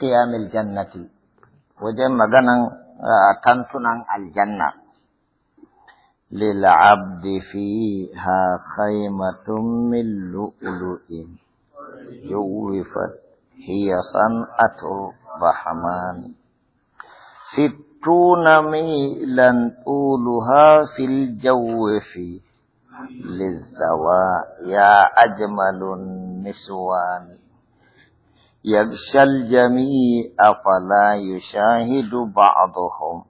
قيام الجنة وجمع جنن آه، تنتنا الجنة للعبد فيها خيمة من لؤلؤ جوفت هي صنعة الرحمن ستون ميلا طولها في الجوف للزوايا أجمل النسوان يغشى الجميع فلا يشاهد بعضهم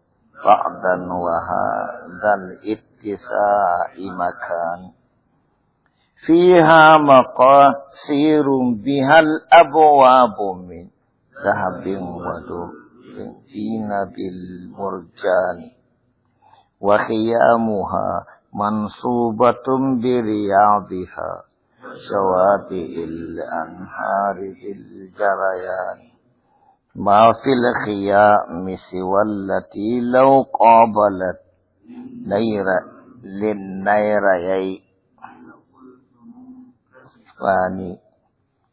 بعضا وهذا الاتساع مكان فيها مقاصير بها الأبواب من ذهب ودر زين بالمرجان وخيامها منصوبة برياضها شواطئ الأنهار في الجريان ما في الخيام سوى التي لو قابلت نير للنيريين فاني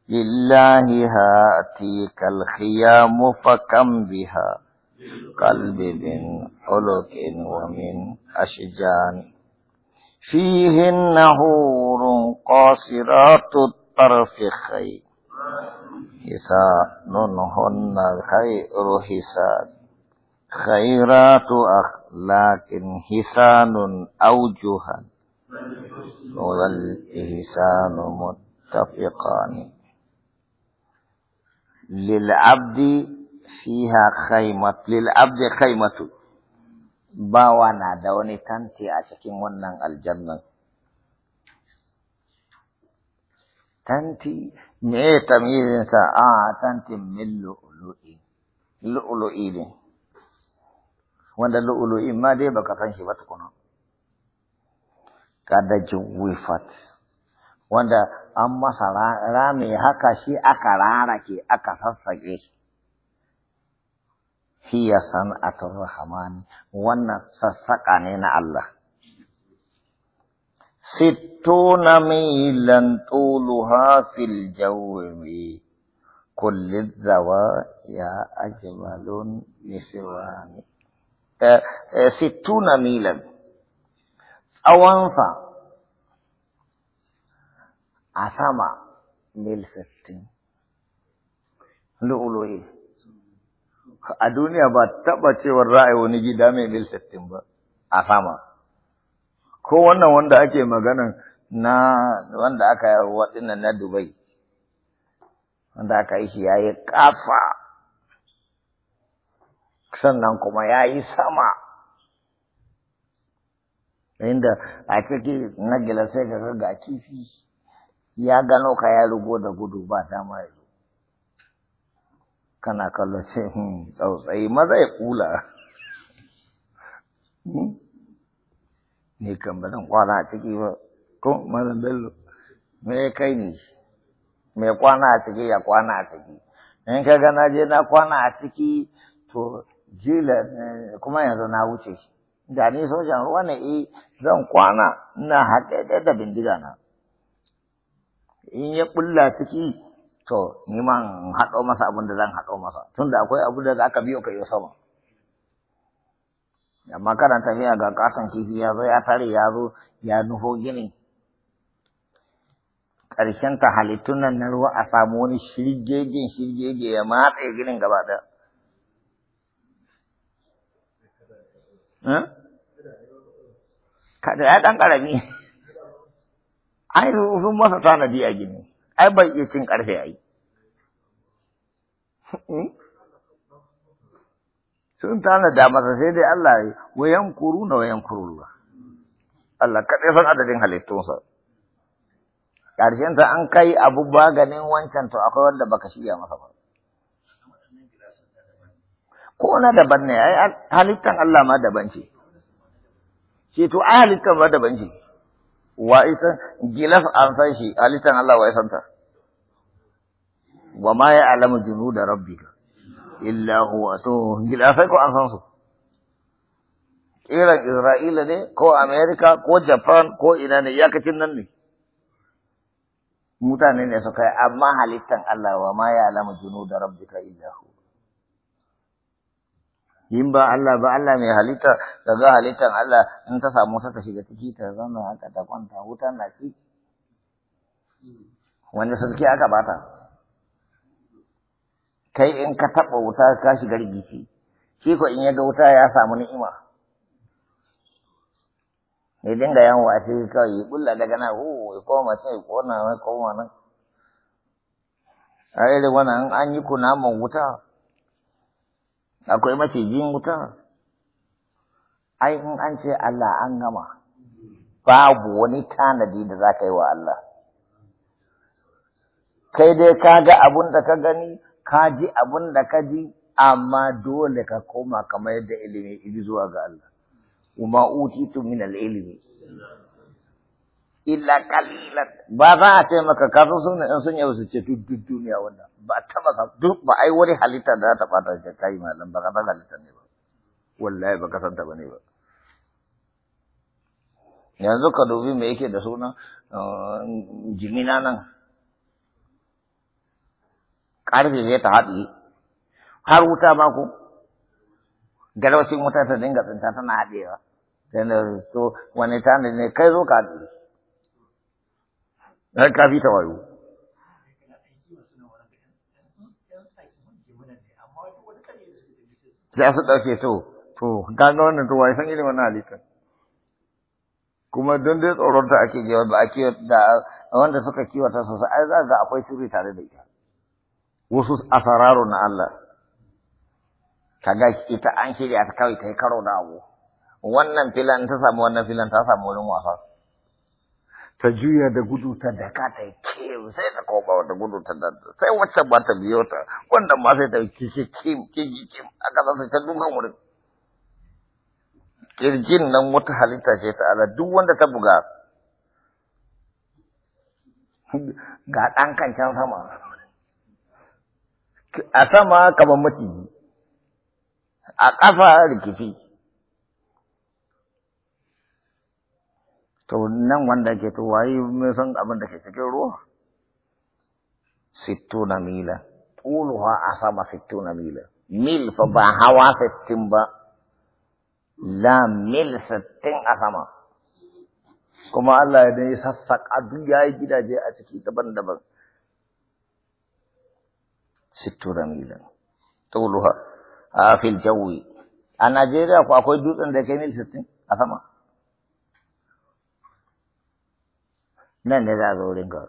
لله هاتيك الخيام فكم بها قلب من علق ومن أشجان فيهن حور قاصرات الطرف خير حسانهن خير حسان خيرات أخ لكن حسان أوجها والإحسان متفقان للعبد فيها خيمة للعبد خيمة bawa na da wani tanti a cikin wannan aljannan. Tanti, me tamirinsa a tantin min lu'ulu'i, ne, wanda lu'ulu'i ma dai baka san shi ba tukuna. Kadajin wifat, wanda an masa rami haka shi aka rarake, aka sassaƙe. shi. هي صنعة الرحمن وانا سسقانين الله ستون ميلا طولها في الجو مي كل الزوا يا أجمل نسوان آه، ستون ميلا أوانفا أثما ميل ستين لؤلؤي a duniya ba taɓa cewar ra'ayi wani gida mai mil sittin ba a sama ko wannan wanda ake maganan na wanda aka yi waɗin na Dubai wanda aka yi shi ya yi ƙafa sannan kuma ya yi sama inda a kake na sai ka ga kifi ya gano ka ya rugo da gudu ba dama kana kallon shi hmm, tsautsayi maza ya kula hmm? ne kan ba zan kwana a ciki ba ko mazan bello me kai ne me kwana a ciki ya kwana a ciki in ka ga na je na kwana a ciki to jila eh, kuma yanzu na wuce da ni so ruwa ne eh zan kwana ina haɗe da bindiga na in ya ɓulla ciki to ni man haɗo masa abin da zan haɗo masa tunda akwai abu da za ka biyo ka yi sama amma kana tafiya ga kasan kifi ya zo ya tare ya zo ya nufo gini ƙarshen ta halittun nan na ruwa a samu wani shirgege shirgege ya matse ginin gaba ɗaya hmm? kada ya ɗan ƙarami ai sun masa tanadi a gini ai bai iya cin karfe ai hmm? sun tana da masa sai dai Allah wayan kuru na wayan kurullah Allah kaɗai san adadin halittunsa ƙarshen an kai abu ganin wancan to akwai wanda baka shirya masa ba ko na daban ne ai halittan Allah ma daban ce ce to ai halittan ma daban ce wa isa gilaf an san shi halittan Allah wa isanta wa ma junu junuda rabbika illa huwa to gilafai ko an san su kiran Isra'ila ne ko Amerika ko Japan ko ina ne yakacin nan ne mutane ne suka yi amma halittan Allah wa ma da junuda rabbika illa huwa in ba Allah ba Allah mai halitta za halittar Allah in ta samu ta ta shiga ciki ta zama haka ta kwanta wuta na ci wanda sarki aka bata kai in ka taɓa wuta ka shiga rigici shi ko in ya ga wuta ya samu ni'ima ya dinga yawo a ciki kawai ya bulla daga na, o ya koma sai ya kona ya koma nan a irin wannan an yi kunaman wuta akwai macijin wuta ai in an ce Allah an gama babu wani tanadi da za ka yi wa Allah kai dai ka ga abun da ka gani ka ji abun da ka ji amma dole ka koma kamar yadda ilimi ibi zuwa ga Allah. Uma utitu min al-ilimi. illa kalilan ba za a ce maka ka san sunan in sun yau su ce duk duk duniya wanda ba taba ka duk ba ai wani halitta da ta fata ka kai malam ba ka san halitta ne ba wallahi ba ka san ta bane ba yanzu ka dubi me yake da suna uh, jimina nan karfe zai ta haɗi har wuta ba ku galwashin wuta ta dinga tsinta tana haɗewa so wani tanadi ne kai zo ka haɗe ɗan eh, kafi ta wayo su ɗauke to to ganga wannan to wai san irin halittar kuma don dai tsoron ta ake jewa ba ake da wanda suka kiwata su ai za ga akwai sirri tare da ita wasu asararo na Allah kaga ita an shirya ta kawai ta yi karo da abu wannan filan ta samu wannan filan ta samu wurin wasa ta juya da gudu ta daka ta kim sai ta koma wata gudu ta danta sai wacce ba ta biyo ta wanda ma sai ta kishi kim kishi kim aka sai ta dukan wurin kirjin nan wata halitta ce ta ala duk wanda ta buga ga ɗan kancan sama a sama kamar maciji a ƙafa rikici to nan wanda ke to waye mun san abin da ke cikin ruwa sittuna mila tuluha asaba sittuna mila mil fa ba hawa sittin ba la mil sittin a sama kuma Allah ya dai sassaƙa duk ya yi gidaje a ciki daban-daban sittuna mila tuluha a fil jawi a Najeriya ko akwai dutsen da ke mil sittin a sama nan ne za a zo wurin ka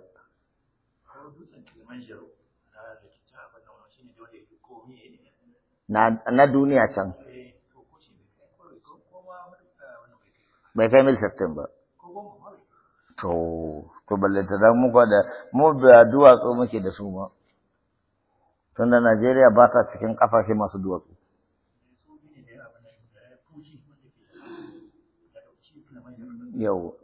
na duniya can bai kai mil sittin ba to to ballanta da mu da mu da duwatsu muke da su ma Tun da Najeriya ba ta cikin kafashe masu duwatsu yau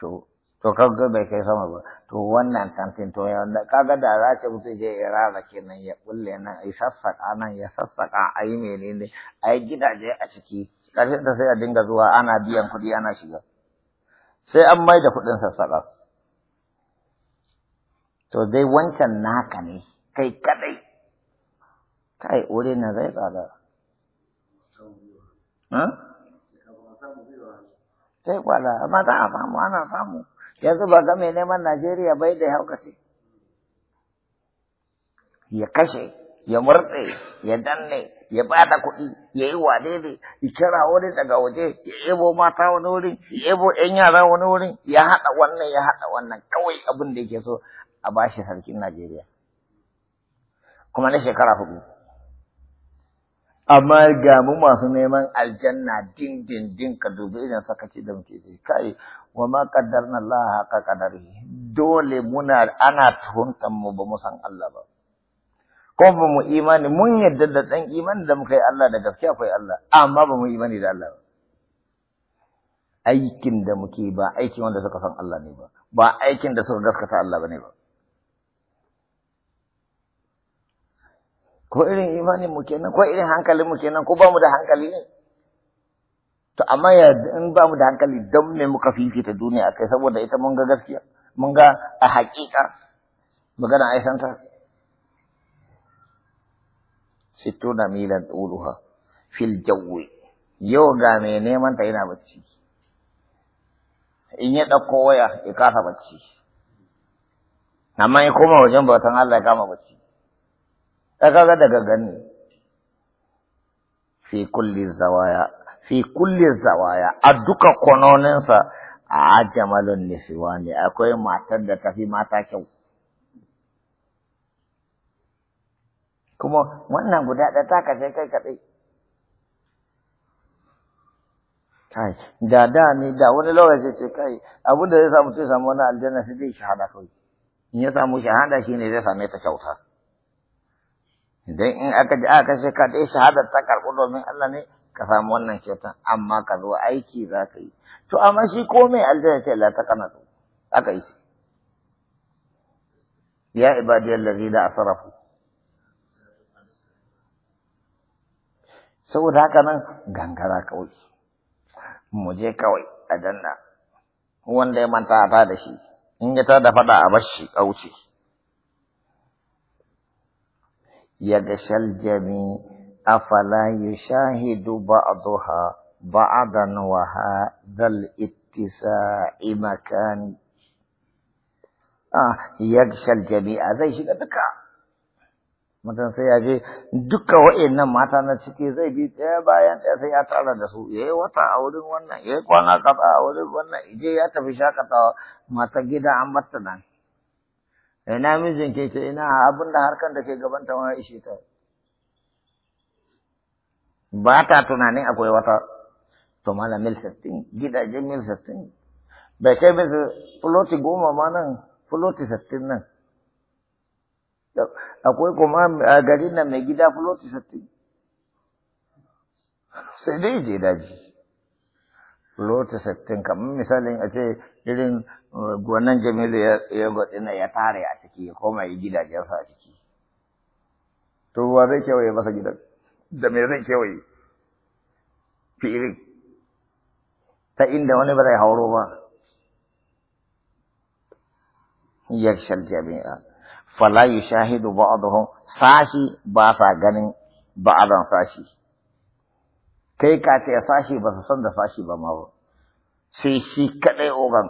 to to kaga bai kai sama ba to wannan kantin to ya da kaga da za ce mutu je ya rara kenan ya kulle nan ai sassaka nan ya sassaka ai menene ai gidaje a ciki karshen ta sai a dinga zuwa ana biyan kuɗi ana shiga sai an mai da kuɗin sassaka to dai wancan naka ne kai kadai kai ore na zai tsada sai hm? kwada amma za a samu ana samu yanzu ba ga mai neman Najeriya bai da haukace ya kashe ya murtse ya danne ya bada kuɗi ya yi wane ne ya kira wani daga waje ya ebo mata wani wurin, ya ebo ‘yan yara wani wurin, ya haɗa wannan ya haɗa wannan kawai abin da yake so a bashi sarkin Najeriya kuma na shekara hudu amma ga mu masu neman aljanna din din din ka dubi idan ce da muke ji kai wa ma qaddarna Allah haqa qadari dole muna ana tuhuntan mu ba mu san Allah ba ko ba mu imani mun yadda da dan imani da muka yi Allah da gaskiya akwai Allah amma ba mu imani da Allah ba aikin da muke ba aikin wanda suka san Allah ne ba ba aikin da suka gaskata Allah ba, ne ba. ko irin imanin mu kenan ko irin hankalin mu kenan ko ba mu da hankali ne to amma ya in ba mu da hankali don me muka fifita duniya kai saboda ita mun ga gaskiya mun ga a haƙiƙa magana ai santa sittuna milan uluha fil jawwi yau ga me neman ta ina bacci in ya dauko waya ya kasa bacci amma ya koma wajen bautan Allah ya kama bacci kaga daga gani fi kulli zawaya fi kulli zawaya a duka kononinsa a ajamalun nisiwa ne akwai matar da tafi mata kyau kuma wannan guda ɗaya ta kashe kai kaɗai kai da da ni da wani lokaci ce kai abin da zai samu sai samu wani aljanna sai zai shahada kawai in ya samu shahada shine zai same ta kyauta Idan in aka ji aka kashe ka dai shahadar ta karɓi domin Allah ne ka samu wannan kyautan amma ka zo aiki za ka yi to amma shi ko mai aljanna ce la ta kana aka yi ya ibadiyal ladina asrafu saboda haka nan gangara kawai mu je kawai a janna wanda ya manta ta da shi in ya ta da fada a bashi a wuce jami afala yushahidu ba'daha ba'dan wa hadzal الاتساع مكان Ah يغشى jami zai shiga duka mutum sai ya je duka wa'annan mata na ciki zai bi ɗaya bayan ɗaya sai ya tara da su ya yi wata a wurin wannan ya yi kwana kafa a wurin wannan ije ya tafi shakatawa mata gida an batta nan ina mijin ke ce ina abin da harkar da ke gaban ta ma ishe ta ba ta tunanin akwai wata to mala mil sittin gidajen mil sittin bai kai mil fuloti goma ma nan fuloti sittin nan akwai kuma a garin nan mai gida fuloti sittin sai dai je daji lota sattin kamar misalin a ce irin gwanan uh, jamilu ya gwatsi na ya tare a ciki ya koma ya gidajensa a ciki to ba zai kewaye masa gidan da me zai kewaye filin ta inda wani ba zai hauro ba yakshal jami'a fala yushahidu ba'dhum sashi ba sa ganin ba'dan sashi kai ka ce sashi ba su san da sashi ba ma ba sai shi kaɗai ogan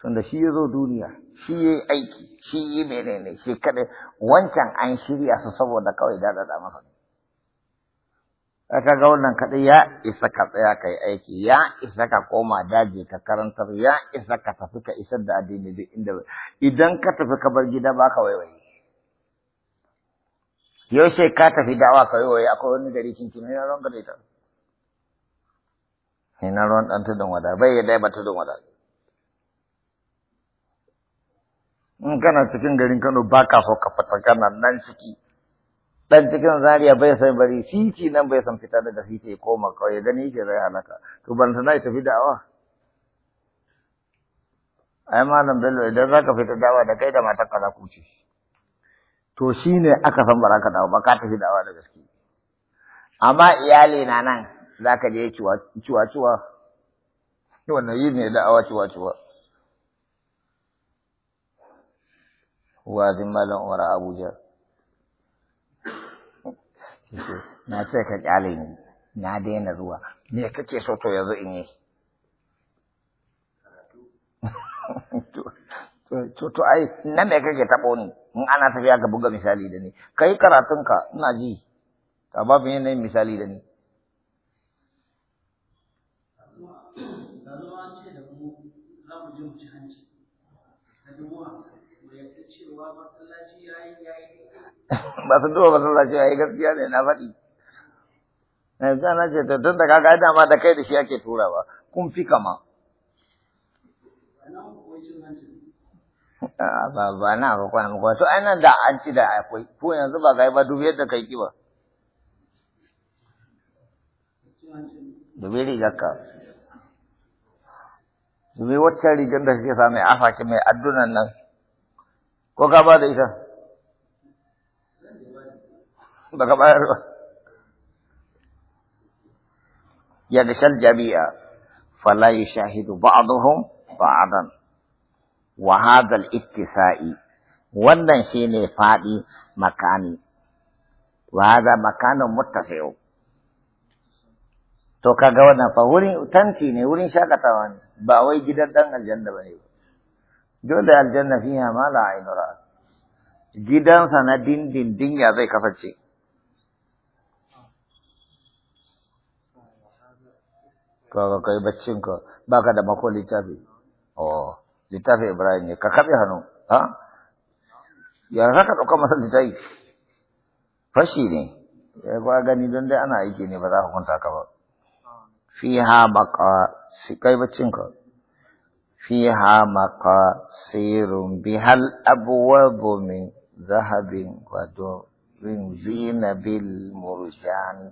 tunda shi ya zo duniya shi ya yi aiki shi yi menene shi kaɗai wancan an shirya su saboda kawai dadada masa ne aka ga wannan kaɗai ya isa ka tsaya ka yi aiki ya isa ka koma daji ka karantar ya isa ka tafi ka isar da addini duk inda idan ka tafi ka bar gida ba ka waiwaye yau sai ka tafi dawa ka yi akwai wani gari kinkin ne na ruwan gari ta ne na ruwan ɗan tudun wada bai ya ba tudun wada in kana cikin garin kano ba ka so ka fita kana nan ciki dan cikin zaria bai san bari titi nan bai san fita daga titi ya koma kawai gani ke zai halaka to ban sana tafi da'awa ai malam bello idan zaka fita da'awa da kai da matar ka za ku ci to shi ne aka san baraka dawo ba ka tafi dawa da gaske amma iyali na nan za ka je ciwa-ciwa wannan yi ne da'awa ciwa-ciwa wazin malam umar abuja na ce ka kyale ni na daina zuwa me kake so to yanzu in yi to to ai na me kake taɓo ni in ana tafiya ka buga misali da ni kai karatunka ina ji ka ba mu yin misali da ni ba su duba masallaci ya yi gaskiya ne na faɗi na yi zana ce ta tun da kaga dama da kai da shi ake turawa kun fi kama ba ba na ba kwana ba to ai nan da an ci da akwai ko yanzu ba ga ba dubi yadda kai ki ba dubi rigarka dubi wacce rigar da kake sa mai ki mai addunan nan ko ka ba da ita ba ka bayar ba ya ga shal jabi'a fala yashahidu ba'dhum ba'dan wa hadal ittisa'i wannan shine faɗi makani wa hada makanu muttasi'u to kaga wannan fa wurin tanti ne wurin shakatawa ne ba wai gidan dan aljanna bane dole aljanna fiha ma la ainu Gidan gidansa na din ya zai kasance kaga kai baccin ka baka da makoli tabi oh littafin Ibrahim ne ka kaɓe hannu ha ya za ka ɗauka masa littafi fashi ne ya ba gani don dai ana aiki ne ba za ka kwanta ka ba fiha baka si kai baccin ka fiha maka sirun bihal abuwabu min zahabin wado min zinabil murjani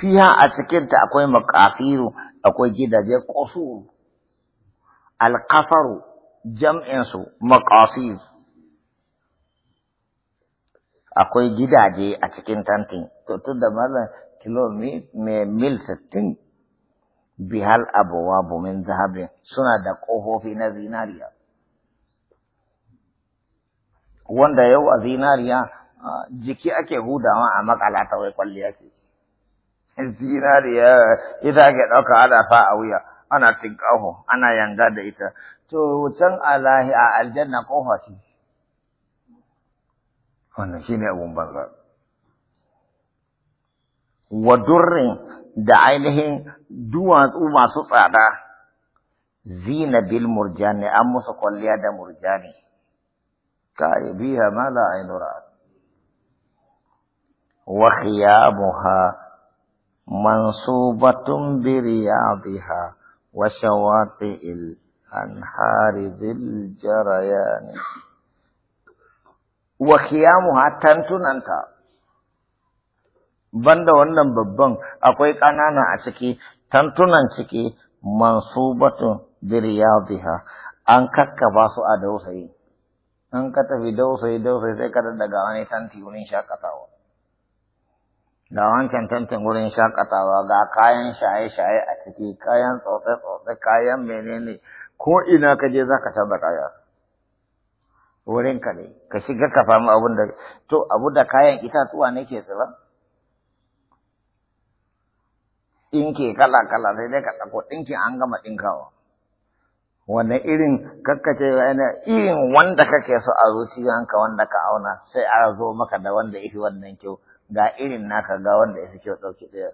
fiha a cikinta akwai makafiru akwai gidaje kosuru alkafaru jam'insu maƙasir akwai gidaje a cikin tantin to da malam kilomita mil sittin bihal abuwa bumin zahabin suna da ƙofofi na zinariya wanda yau a zinariya jiki ake hudawa a makala ta wai kwalliya ke zinariya ita ake ɗauka ana fa a wuya ana tinkaho ana yanga da ita to can alahi a aljanna kofa ce wannan shine abun banza wa durrin da ainihin duwatsu masu tsada zina bil murjani an musu kwalliya da murjani ka biya ma la ainura wa khiyamuha mansubatun bi riyadiha وشواطئ الأنهار ذي wa وخيامها تنتن banda wannan babban akwai ƙanana a ciki tantunan ciki mansubatun biriyadiha an kakkaba su a dausayi an ka tafi dausayi dausayi sai ka daga wani tanti wurin shakatawa ga wancan tantan wurin shakatawa ga kayan shaye-shaye a ciki kayan tsotse-tsotse kayan menene ko ina ka je za ka canza kaya wurin ka ne ka shiga ka samu abun da to abu da kayan itatuwa ne ke tsira ke kala-kala sai dai ka ɗauko ɗinkin an gama ɗinkawa wanne irin kakkace yana irin wanda kake so a zuciyanka wanda ka auna sai a zo maka da wanda ifi wannan kyau ga irin naka ga wanda ya kyau ɗauki ɗaya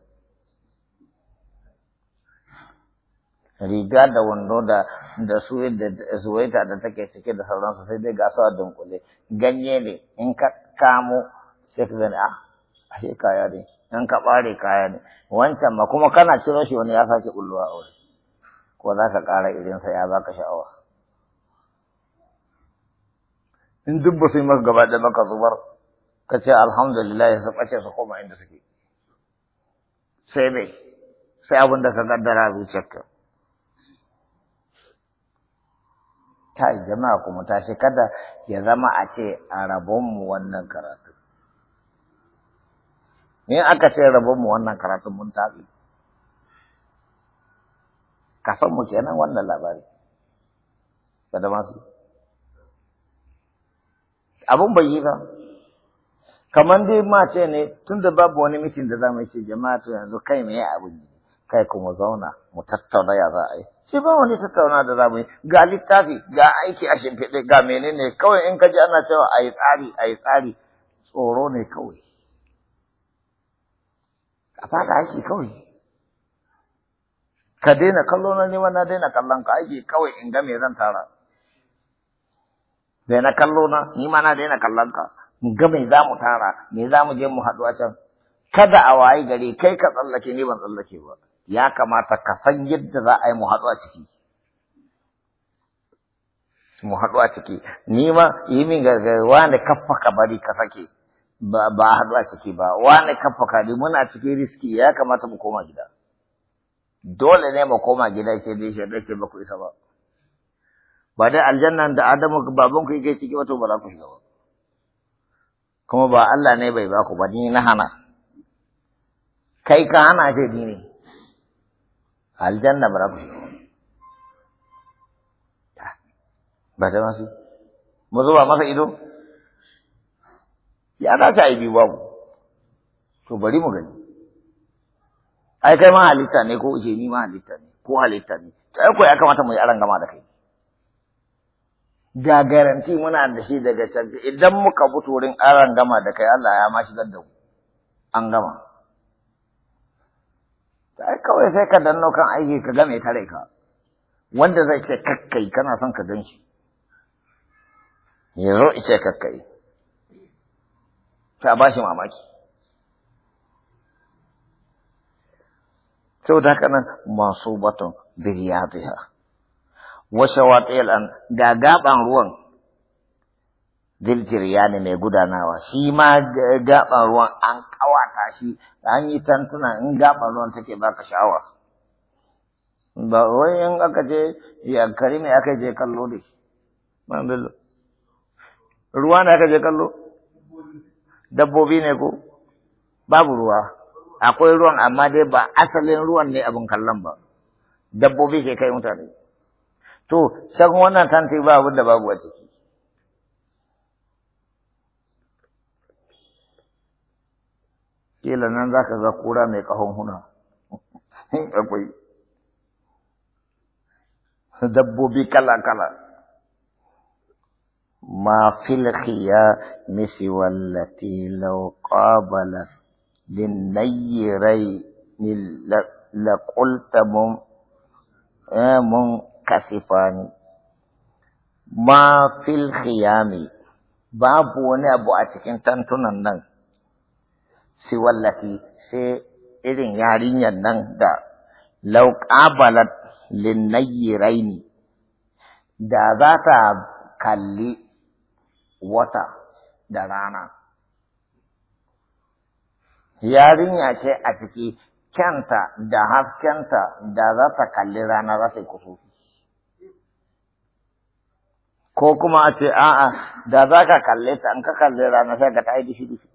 riga da wando da da su da zuwaita da take cike da sauransu sai dai gasu a dunkule ganye ne in ka kamo sai ka gani ah ashe kaya ne in ka bare kaya ne wancan ma kuma kana ciro shi wani ya sake bulluwa a wuri ko za ka ƙara irinsa ya baka sha'awa in duk ba su yi maka gaba da baka zubar ka ce alhamdulillah ya sabace su koma inda suke sai dai sai abin da ka gaddara zuciyarka ta jama'a kuma ta shi kada ya zama a ce a rabonmu wannan karatu me aka ce rabonmu wannan karatu mun tafi ka san mu kenan wannan labari kada masu abun bai yi ba kamar dai ma ce ne tun da babu wani mitin da za mu ce jama'a to yanzu kai me abu ne kai kuma zauna mu tattauna ya za a yi shi ba wani tattauna da za mu yi ga littafi ga aiki a shimfiɗe ga menene kawai in ka ji ana cewa a yi tsari a yi tsari tsoro ne kawai a fata aiki kawai ka daina kallo na neman na daina kallon ka aiki kawai in ga me zan tara daina kallo na ni ma na daina kallon ka mu ga me za mu tara me za mu je mu haɗu a can kada a waye gari kai ka tsallake ni ban tsallake ba ya kamata ka san yadda za a yi mu haɗu a ciki mu haɗu a ciki ni ma yi min gargarwa wani kafa ka bari ka sake ba a haɗu a ciki ba wani kafa ka muna cikin riski ya kamata mu koma gida dole ne mu koma gida ke dai shi ke ba ku isa ba ba dai aljanna da adamu babanku yake ciki wato ba za ku shiga ba kuma ba Allah ne bai baku ba ni na hana kai ka hana ce ni ne aljanna ba rabu ba ta masu mu zuba masa ido ya dace a yi biyu babu to bari mu gani ai kai ma halitta ne ko ce ni ma halitta ne ko halitta ne Ta ai ko ya kamata mu yi aran gama da kai ga garanti muna da shi daga can idan muka fito wurin aran gama da kai Allah ya ma shi da mu an gama sai kawai sai ka danno kan aiki ka game ka rai ka wanda zai ce kakkai kana son ka gan shi ya ice kakkai ta ba shi mamaki saboda haka nan masu baton biriyatiha washe watsayar an gagaban ruwan ya ne mai gudanawa shi ma gaban ruwan an kawata shi an yi tantuna in gaban ruwan take baka sha'awa ba wai in aka je ya kari aka je kallo da shi ruwa ne aka je kallo dabbobi ne ko babu ruwa akwai ruwan amma dai ba asalin ruwan ne abin kallon ba dabbobi ke kai mutane to can wannan tanti ba wanda babu a ciki kila nan zaka ga kura mai kahon huna akwai dabbobi kala-kala ma fil khiyami siwallati law qabalat lin nayyirai لقلت من kasifani ma fil khiyami babu wani abu a cikin tantunan nan si wallafi sai irin yarinyar nan da lauƙabalat linnayyiraini da za ta kalli wata da rana yarinya ce a ciki kyanta da haskenta da za ta kalli rana za ta yi kusufi ko kuma a ce a'a da za ka kalle ta an ka kalle rana sai ka ta yi dushi dishi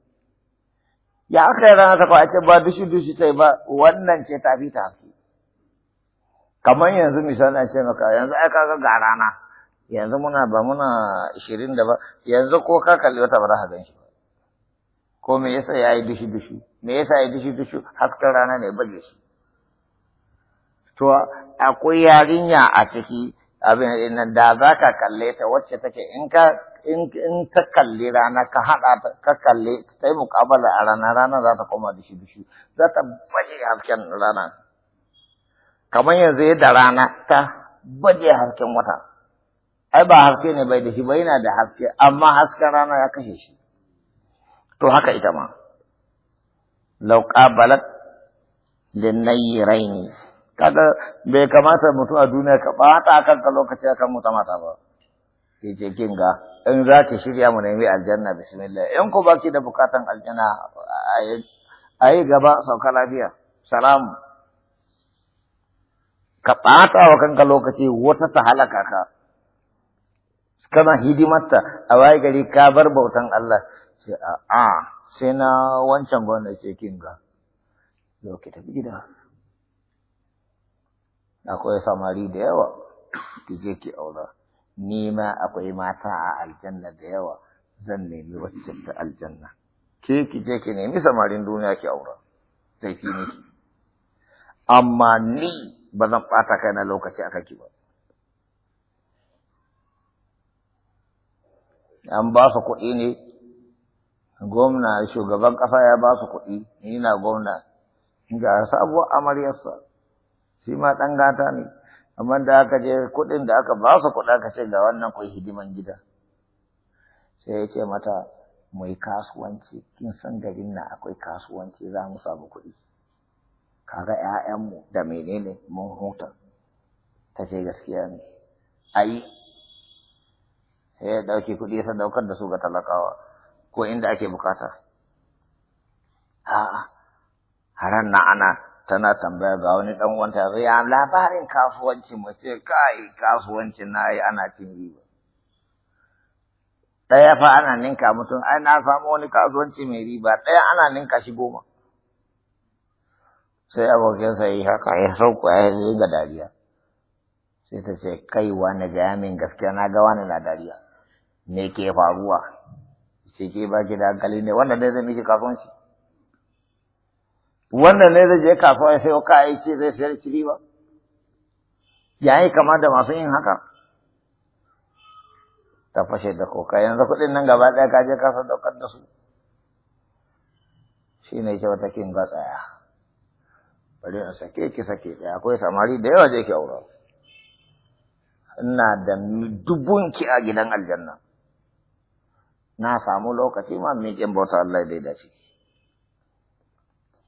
ya aka yi rana ta kawai ce ba dushi dushi sai ba wannan ce ta fi ta fi kamar yanzu misali a ce maka yanzu ai kaga ga rana yanzu muna ba muna ishirin da ba yanzu ko ka kalli wata ba za ka gan shi ba ko me yasa ya yi dushi dushi me yasa ya yi dushi dushi hasken rana ne baje shi to akwai yarinya a ciki abin da za ka kalle ta wacce take in ka in ta kalli rana ka haɗa ka kalli ta yi muƙabala a rana rana za ta koma dushi dushi za ta baje hasken rana kamar yanzu da rana ta baje hasken wata ai ba haske ne bai da shi ba yana da haske amma hasken rana ya kashe shi to haka ita ma lau linnayi raini. kada bai kamata mutum a duniya ka bata ka lokaci akan mutum mata ba ce kin ga in za ki shirya mu nemi aljanna bismillah in ku baki da bukatan aljanna ayi gaba sauka lafiya salamu ka ɓata wa kanka lokaci wata ta halaka ka kana hidimarta a waye gari ka bar bautan Allah sai a sai na wancan gwamnati ce kin ga zo ki tafi gida akwai samari da yawa ki ki aura ni ma akwai mata a aljanna da yawa zan nemi wacce ta aljanna ke ki ki nemi samarin duniya ki aura sai ki amma ni ba zan bata kai na lokaci aka ki ba an ba su kuɗi ne gwamna shugaban ƙasa ya ba su kuɗi ni na gwamna ga sabuwar amaryarsa shi ma ɗan gata ne amma da aka je kuɗin da aka ba su kuɗa ka ce ga wannan kai hidiman gida sai ya ce mata mai kasuwanci kin san garin na akwai kasuwanci za mu samu kuɗi kaga ƴaƴanmu da menene mun huta ta ce gaskiya ne yi? sai ya ɗauki kuɗi ya sadaukar da su ga talakawa ko inda ake bukata a'a haran na ana tana tambaya ga wani dan wanta zai ya labarin kasuwanci mu ce kai kasuwancin na yi ana cin riba ɗaya fa ana ninka mutum ai na samu wani kasuwanci mai riba ɗaya ana ninka shi goma sai abokinsa sai haka ya sauko ya yi ga dariya sai ta ce kai wani gaya min gaskiya na ga wani na dariya ne ke faruwa sai ke ba ki da hankali ne wanda dai zai miki kasuwanci wannan ne zai je kasuwa ya sayo ce zai sayar ciri ba? ya yi kama da masu yin haka ta fashe da koka yanzu kuɗin nan gaba ɗaya kaje kasa daukar da su shi ne ce wata kin ga tsaya bari in sake ki sake ɗaya akwai samari da yawa je ki aura ina da ki a gidan aljanna na samu lokaci ma miƙin bauta Allah ya daida shi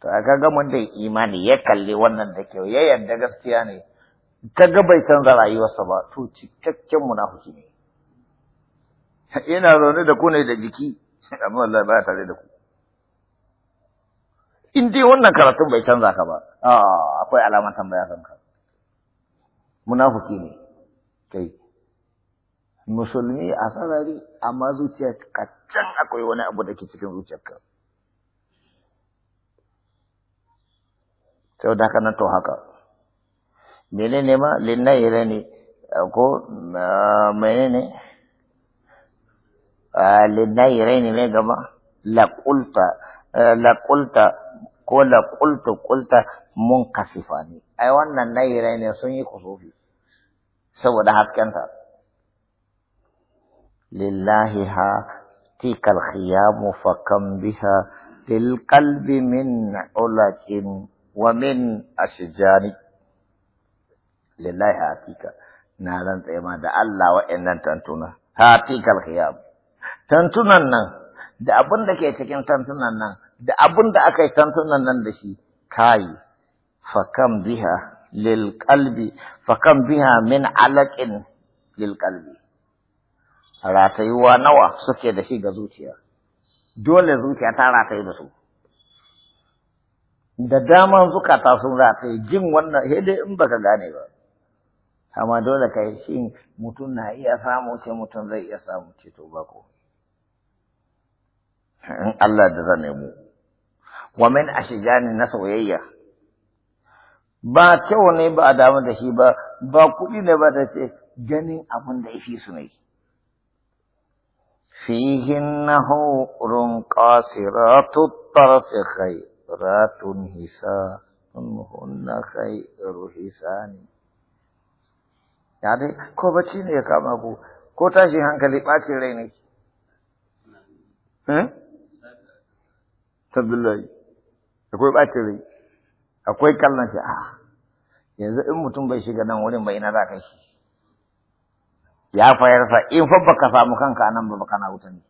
to ga kaga wanda ya imani ya kalli wannan da kyau ya yarda gaskiya ne ga bai canza rayuwarsa ba to cikakken munafiki ne ina zaune da ku ne da jiki amma wallahi ba tare da ku in dai wannan karatun bai canza ka ba a akwai alamar tambaya ka. munafiki ne kai musulmi a sarari amma zuciya kacan akwai wani abu da ke cikin zuciyarka sau da haka nan to haka menene ma linnai ne ko menene linnai ne ne gaba la qulta la qulta ko la qultu qulta munkasifa ne ai wannan nayirai ne sun yi kusufi saboda haskenta lillahi ha tikal khiyamu fa kam biha lil qalbi min ulakin ومن أشجاني لله هاتيكا نالن تيما دا الله وإنن تنتونا هاتيكا الخيام تنتونا نن نعم. دا أبن دا كي تكين تنتونا نن نعم. دا أبن دا أكي تنتونا نن نعم دشي كاي فكم بها للقلب فكم بها من علق للقلب راتيوا نوا سكي دشي غزوتيا دول زوتيا تا راتي دسو da dama zukata sun rataye jin wannan sai dai in baka gane ba amma dole kai shi mutum na iya samu ce mutum zai iya samu ce to ba ko in Allah da zane mu wa min ashjani na soyayya ba kyau ne ba a da shi ba ba kuɗi ne ba ta ce ganin abin da ishi su ne fihinna hurun qasiratu tarfi khair ratun hisa hunna kai ruhisani ya dai ko bacci ne ya kama ku ko tashi hankali ɓacin rai ne eh tabdullahi akwai ɓacin rai akwai kallon shi a ah, yanzu in mutum bai shiga nan wurin bai na za ka shi ya 'yarsa in fa baka samu kanka nan ba baka na wuta ne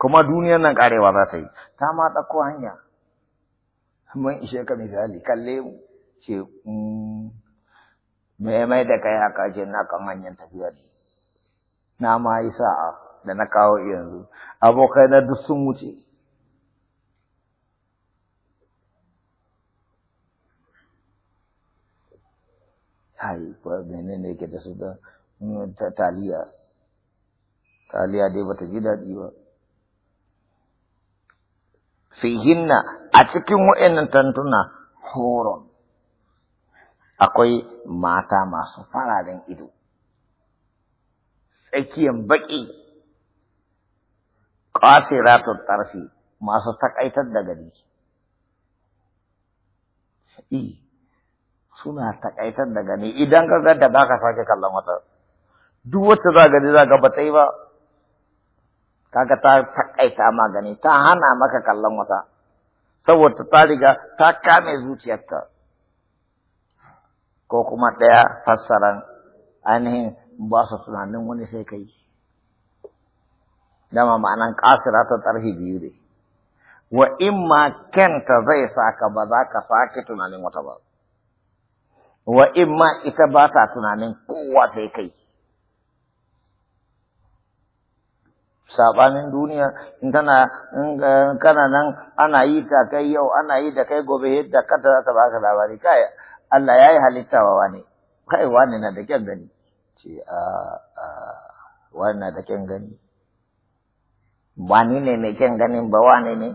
kuma duniyar nan karewa za ta yi ta ma ɗauko hanya mun ishe ka misali kalle mu ce mai mm, mai da kai haka ce na kan hanyar tafiya ne na ma yi sa'a da na kawo yanzu abokai na duk sun wuce kuwa ko menene yake da su da mm, taliya taliya dai bata ji daɗi ba fihinna a cikin wa'annan tantuna horon akwai mata masu fararen ido tsakiyan baƙi ƙasiratun ƙarfi masu taƙaitar da gari i suna taƙaitar da gani idan ka ga da baka sake kallon wata duk wacce za gani za ga ba ta yi ba kaga ta takaita magani ta hana maka kallon wata saboda ta riga ta kame zuciyarta ko kuma ɗaya fassaran ainihin ba su tunanin wani sai kai dama ma'anan kasira ta tsarfi biyu ne wa in ma kenta zai saka ba za ka sake tunanin wata ba wa in ma ita ba ta tunanin kowa sai kai sabanin duniya in tana in eh, kana nan ana yi ta kai yau ana yi da kai gobe yadda ka ta ta baka labari kai Allah yayi halitta wa wani kai wani na da kyan gani ce a wani na da kyan gani wani ne mai kyan ganin ba wani ne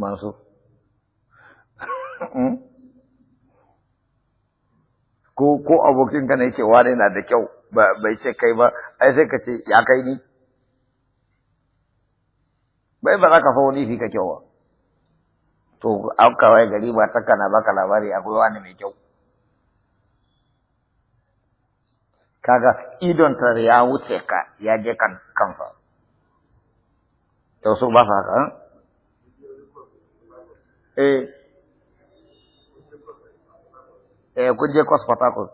masu hmm? ko ko abokin ka ne ce wani na da kyau bai ce kai ba ai sai ka ce ya kai ni bai ba za ka fawo nifi ka kyau ba to kawai gari ba ta kana baka labari akwai wani mai kyau kaga idon ta ya wuce ka ya je kan kansa Tausu ba sa haka eh? eh eh kun je kwas Harcourt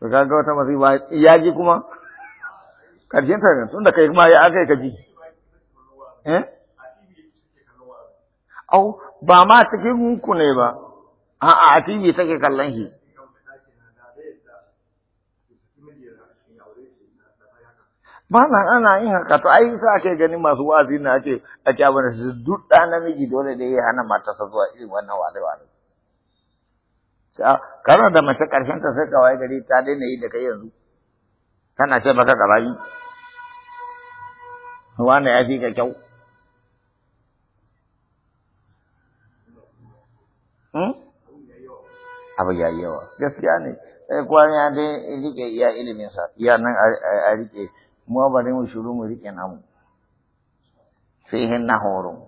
to kaga wata masifa ya ji kuma karshen ta tun da kai kuma ya aka ka ji eh au ba ma cikin ku ne ba a'a a TV take kallon shi ba na ana yin haka to ai sa ake ganin masu wa'azi na ake a kyabana su duk ɗan namiji dole da ya hana matarsa zuwa irin wannan wale-wale kana da mace ƙarshen ta sai ka waye gari ta daina yi da kai yanzu Kana ce baka maka ƙarayi wani ya fi ka kyau hmm? abu ya yi yawa gaskiya ne sai eh, kwana dai rike iya ilimin sa iya nan a rike mu bari mu shuru mu rike namu sai hin na horon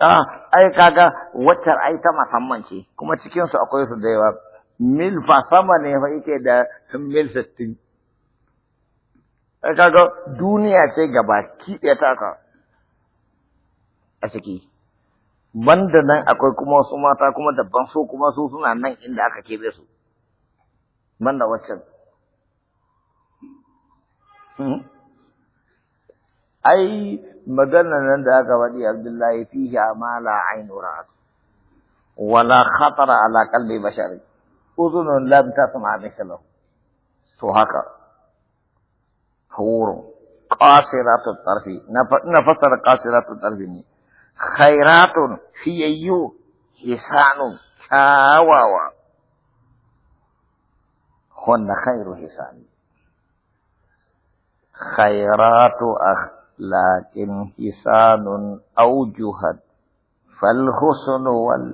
Ah, ai kaga waccar ai ta musamman ce kuma cikin su akwai su da yawa mil fa sama ne fa yake da mil 60 ai kaga duniya ce gaba kiɗe ta ka a ciki banda nan akwai kuma su mata kuma dabban su kuma su suna nan inda aka kebe su banda waccan hmm? ai maganar nan da aka faɗi Abdullahi fihi amala ainu ra'as wala khatara ala qalbi bashari uzunun lam tasma mithlahu to haka hawru qasiratu tarfi na fasara qasiratu tarfi ne khairatun fiyayyu hisanun kyawawa hunna khairu hisani khairatu akh hisanun hisanun fal جهد wal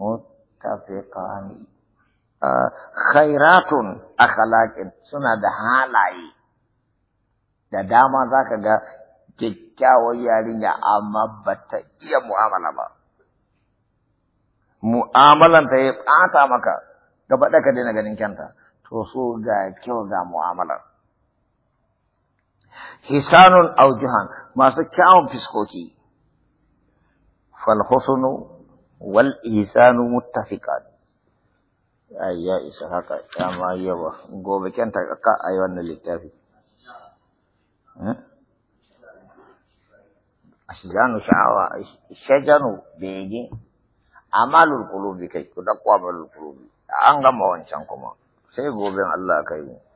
والمتفقان khairatun akhlaqin suna da هالاي da dama za ka ga kyakkyawar yarinya amma ba ta iya mu'amala ba. Mu'amalan ta ya ɓata maka gaba ɗaka daina ganin kyanta, to so ga kyau ga mu'amalar. hisanun aujihan masu kyawun fiskoki fal husnu wal ihsanu muttafiqan ai ya isa haka kama yawa gobe kyanta ka ai wannan littafi ashjanu sha'awa shajanu bege amalul qulubi kai ku dakwa amalul qulubi an gama wancan kuma sai goben Allah kai mu